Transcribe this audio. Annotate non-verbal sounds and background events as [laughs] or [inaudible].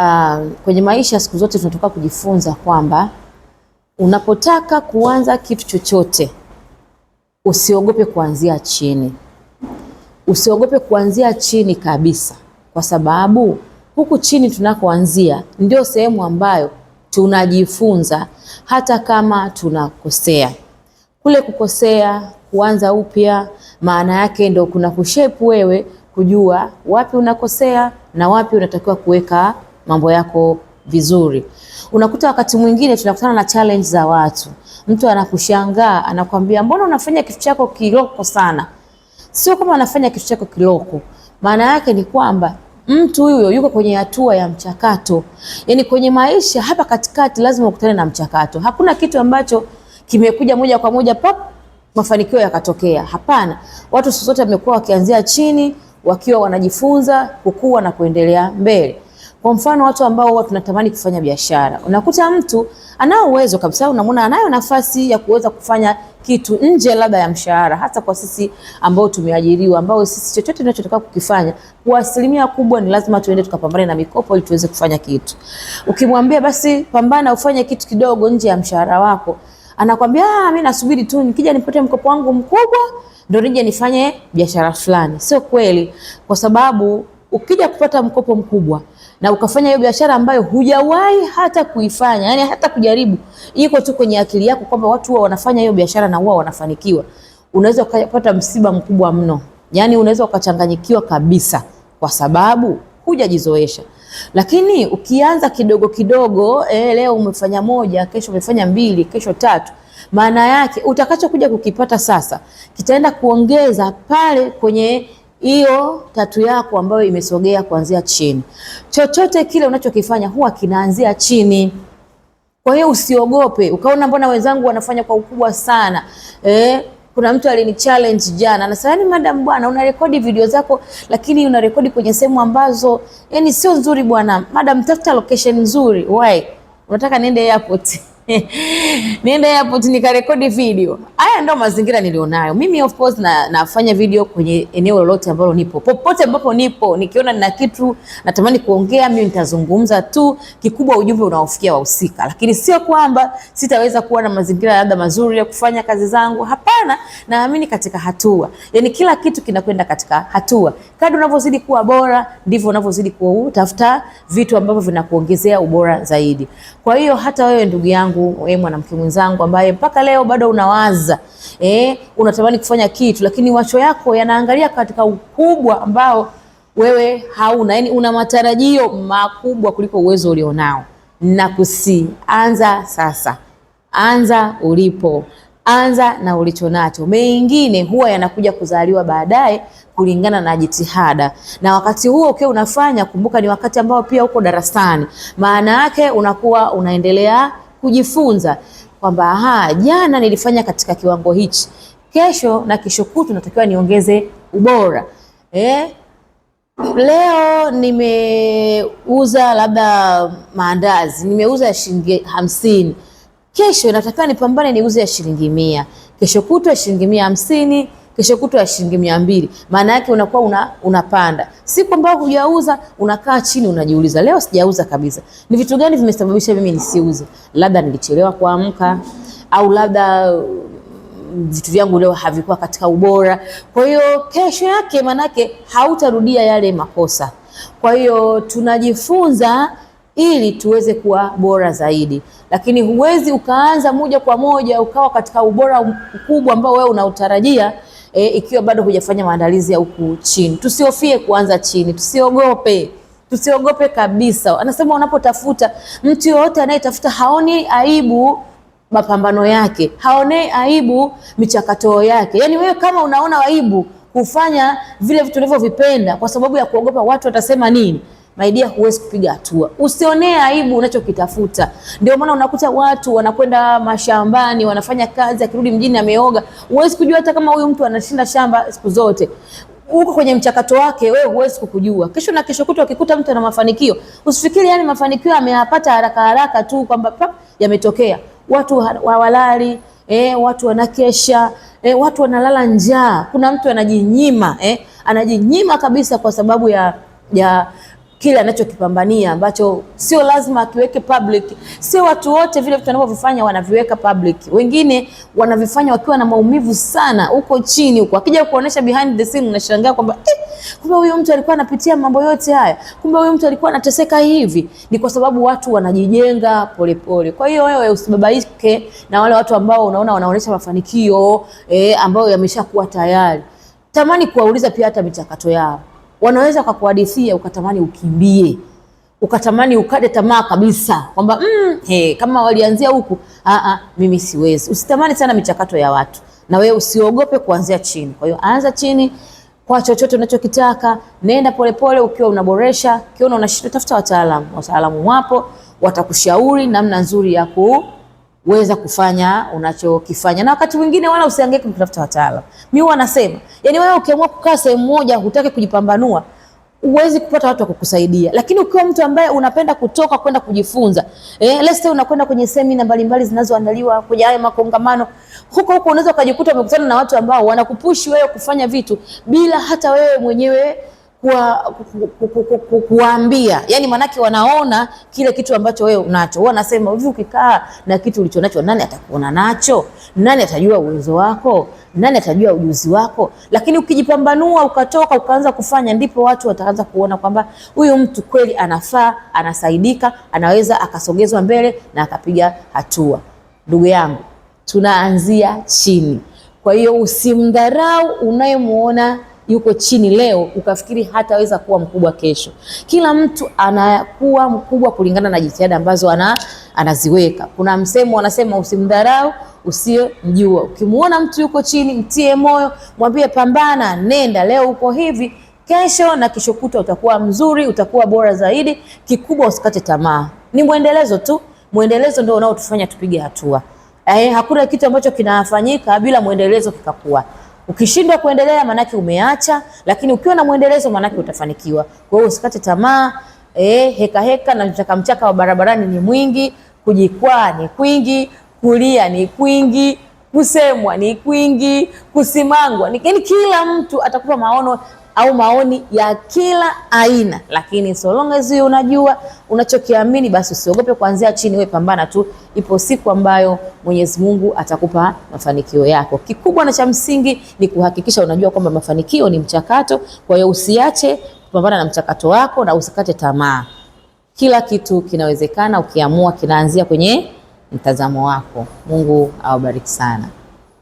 uh, kwenye maisha siku zote tunatoka kujifunza kwamba unapotaka kuanza kitu chochote usiogope kuanzia chini, usiogope kuanzia chini kabisa, kwa sababu huku chini tunakoanzia ndio sehemu ambayo tunajifunza, hata kama tunakosea. Kule kukosea, kuanza upya, maana yake ndio kuna kushepu wewe kujua wapi unakosea na wapi unatakiwa kuweka mambo yako vizuri. Unakuta wakati mwingine tunakutana na challenge za watu, mtu anakushangaa anakwambia, mbona unafanya kitu chako kiloko sana? Sio kama anafanya kitu chako kiloko, maana yake ni kwamba mtu huyo yuko kwenye hatua ya mchakato. Yaani kwenye maisha hapa katikati lazima ukutane na mchakato. Hakuna kitu ambacho kimekuja moja kwa moja pop mafanikio yakatokea. Hapana, watu sote wamekuwa wakianzia chini, wakiwa wanajifunza kukua na kuendelea mbele. Kwa mfano watu ambao huwa tunatamani kufanya biashara, unakuta mtu anao uwezo kabisa, unamwona anayo nafasi ya kuweza kufanya kitu nje labda ya mshahara, hasa kwa sisi ambao tumeajiriwa, ambao sisi chochote tunachotaka kukifanya kwa asilimia kubwa ni lazima tuende tukapambane na mikopo ili tuweze kufanya kitu. Ukimwambia basi pambana ufanye kitu kidogo nje ya mshahara wako, anakwambia ah, mimi nasubiri tu nikija nipate mkopo wangu mkubwa ndio nije nifanye biashara fulani. Sio kweli, kwa sababu Ukija kupata mkopo mkubwa na ukafanya hiyo biashara ambayo hujawahi hata kuifanya, yani hata kujaribu, iko tu kwenye akili yako kwamba watu huwa wanafanya hiyo biashara na huwa wanafanikiwa, unaweza ukapata msiba mkubwa mno, yani unaweza ukachanganyikiwa kabisa, kwa sababu hujajizoesha. Lakini ukianza kidogo kidogo, eh, leo umefanya moja, kesho umefanya mbili, kesho tatu maana yake utakachokuja kukipata sasa kitaenda kuongeza pale kwenye hiyo tatu yako ambayo imesogea kuanzia chini. Chochote kile unachokifanya huwa kinaanzia chini. Kwa hiyo usiogope ukaona mbona wenzangu wanafanya kwa ukubwa sana eh? Kuna mtu alinichallenge jana, anasema yaani, madam bwana, unarekodi video zako lakini unarekodi kwenye sehemu ambazo yani sio nzuri bwana. Madam, tafuta location nzuri. Why unataka niende airport? [laughs] [laughs] niende airport nikarekodi video. Haya ndo mazingira nilionayo mimi. Of course na, nafanya video kwenye eneo lolote ambalo nipo, popote ambapo nipo, nikiona nina kitu natamani kuongea, mimi nitazungumza tu, kikubwa ujumbe unaofikia wahusika, lakini sio kwamba sitaweza kuwa na mazingira labda mazuri ya kufanya kazi zangu. Hapana, naamini katika hatua, yani kila kitu kinakwenda katika hatua. Kadri unavyozidi kuwa bora, ndivyo unavyozidi kutafuta vitu ambavyo vinakuongezea ubora zaidi. Kwa hiyo hata wewe ndugu yangu mwenzangu, eh, mwanamke mwenzangu ambaye mpaka leo bado unawaza eh, unatamani kufanya kitu lakini macho yako yanaangalia katika ukubwa ambao wewe hauna, yani una matarajio makubwa kuliko uwezo ulionao. Nakusi anza sasa, anza ulipo, anza na ulicho nacho Mengine huwa yanakuja kuzaliwa baadaye kulingana na jitihada, na wakati huo ukiwa okay, unafanya kumbuka, ni wakati ambao pia uko darasani, maana yake unakuwa unaendelea kujifunza kwamba aha, jana nilifanya katika kiwango hichi, kesho na kesho kutu natakiwa niongeze ubora eh? Leo nimeuza labda maandazi, nimeuza shilingi hamsini, kesho natakiwa nipambane niuze ya shilingi mia, kesho kutwa shilingi mia hamsini kesho kutwa ya shilingi mia mbili. Maana yake unakuwa una, unapanda. Siku ambayo hujauza unakaa chini unajiuliza, leo sijauza kabisa, ni vitu gani vimesababisha mimi nisiuze? Labda nilichelewa kuamka, au labda mm, vitu vyangu leo havikuwa katika ubora. Kwa hiyo kesho yake, maanake hautarudia yale makosa. Kwa hiyo tunajifunza ili tuweze kuwa bora zaidi, lakini huwezi ukaanza moja kwa moja ukawa katika ubora mkubwa ambao wewe unautarajia e, ikiwa bado hujafanya maandalizi ya huku chini. Tusihofie kuanza chini, tusiogope tusiogope kabisa. Anasema unapotafuta, mtu yoyote anayetafuta haoni aibu mapambano yake, haonei aibu michakato yake. Yaani wewe kama unaona aibu kufanya vile vitu unavyovipenda kwa sababu ya kuogopa watu watasema nini maidia, huwezi kupiga hatua. Usionee aibu unachokitafuta. Ndio maana unakuta watu wanakwenda mashambani wanafanya kazi, akirudi mjini ameoga. Huwezi kujua hata kama huyu mtu anashinda shamba siku zote uko kwenye mchakato wake, wewe huwezi kukujua. Kesho na kesho kutwa Akikuta mtu ana mafanikio, usifikiri yani mafanikio ameyapata haraka haraka tu kwamba pap yametokea. Watu hawalali eh, watu wanakesha eh, watu wanalala njaa. Kuna mtu anajinyima eh, anajinyima kabisa kwa sababu ya ya kile anachokipambania ambacho sio lazima akiweke public. Sio watu wote vile vitu wanavyovifanya wanaviweka public, wengine wanavifanya wakiwa na maumivu sana huko chini huko, akija kuonesha behind the scene unashangaa kwamba eh, kumbe huyu mtu alikuwa anapitia mambo yote haya, kumbe huyu mtu alikuwa anateseka hivi. Ni kwa sababu watu wanajijenga polepole. Kwa hiyo wewe usibabaike na wale watu ambao unaona wanaonesha mafanikio eh, ambayo yameshakuwa tayari. Tamani kuwauliza pia hata michakato yao wanaweza kukuhadithia ukatamani ukimbie, ukatamani ukate tamaa kabisa, kwamba mm, hey, kama walianzia huku mimi siwezi. Usitamani sana michakato ya watu, na wewe usiogope kuanzia chini. Kwa hiyo anza chini kwa chochote unachokitaka, nenda polepole, ukiwa unaboresha. Ukiona unashindwa, tafuta wataalamu. Wataalamu wapo, watakushauri namna nzuri ya ku weza kufanya unachokifanya, na wakati mwingine wala usihangaike kutafuta wataalamu. Mimi huwa nasema, yani wewe ukiamua kukaa sehemu moja, hutaki kujipambanua, huwezi kupata watu wa kukusaidia. Lakini ukiwa mtu ambaye unapenda kutoka kwenda kujifunza, eh, let's say unakwenda kwenye semina mbalimbali zinazoandaliwa kwenye haya makongamano, huko huko unaweza ukajikuta umekutana na watu ambao wanakupushi wewe kufanya vitu bila hata wewe mwenyewe kuwaambia yani, manake wanaona kile kitu ambacho wewe unacho. anasema hivi, ukikaa na kitu ulichonacho, nani atakuona nacho? Nani atajua uwezo wako? Nani atajua ujuzi wako? Lakini ukijipambanua ukatoka ukaanza kufanya, ndipo watu wataanza kuona kwamba huyu mtu kweli anafaa, anasaidika, anaweza akasogezwa mbele na akapiga hatua. Ndugu yangu, tunaanzia chini. Kwa hiyo usimdharau unayemuona yuko chini leo ukafikiri hataweza kuwa mkubwa kesho. Kila mtu anakuwa mkubwa kulingana na jitihada ambazo ana, anaziweka. Kuna msemo wanasema usimdharau mjua. Ukimwona mtu yuko chini, mtie moyo, mwambie pambana, nenda, leo uko hivi kesho na kesho kuta utakuwa mzuri, utakuwa bora zaidi. Kikubwa usikate tamaa, ni mwendelezo tu. Mwendelezo ndio unaotufanya tupige hatua. Eh, hakuna kitu ambacho kinafanyika bila mwendelezo kikakuwa Ukishindwa kuendelea maanake umeacha, lakini ukiwa na mwendelezo maanake utafanikiwa. Kwa hiyo usikate tamaa. E, heka heka na mchaka mchaka wa barabarani ni mwingi, kujikwaa ni kwingi, kulia ni kwingi, kusemwa ni kwingi, kusimangwa ni, kila mtu atakupa maono au maoni ya kila aina, lakini so long as you unajua unachokiamini, basi usiogope kuanzia chini, wewe pambana tu. Ipo siku ambayo Mwenyezi Mungu atakupa mafanikio yako. Kikubwa na cha msingi ni kuhakikisha unajua kwamba mafanikio ni mchakato, kwa hiyo usiache kupambana na mchakato wako na usikate tamaa. Kila kitu kinawezekana ukiamua, kinaanzia kwenye mtazamo wako. Mungu awabariki sana.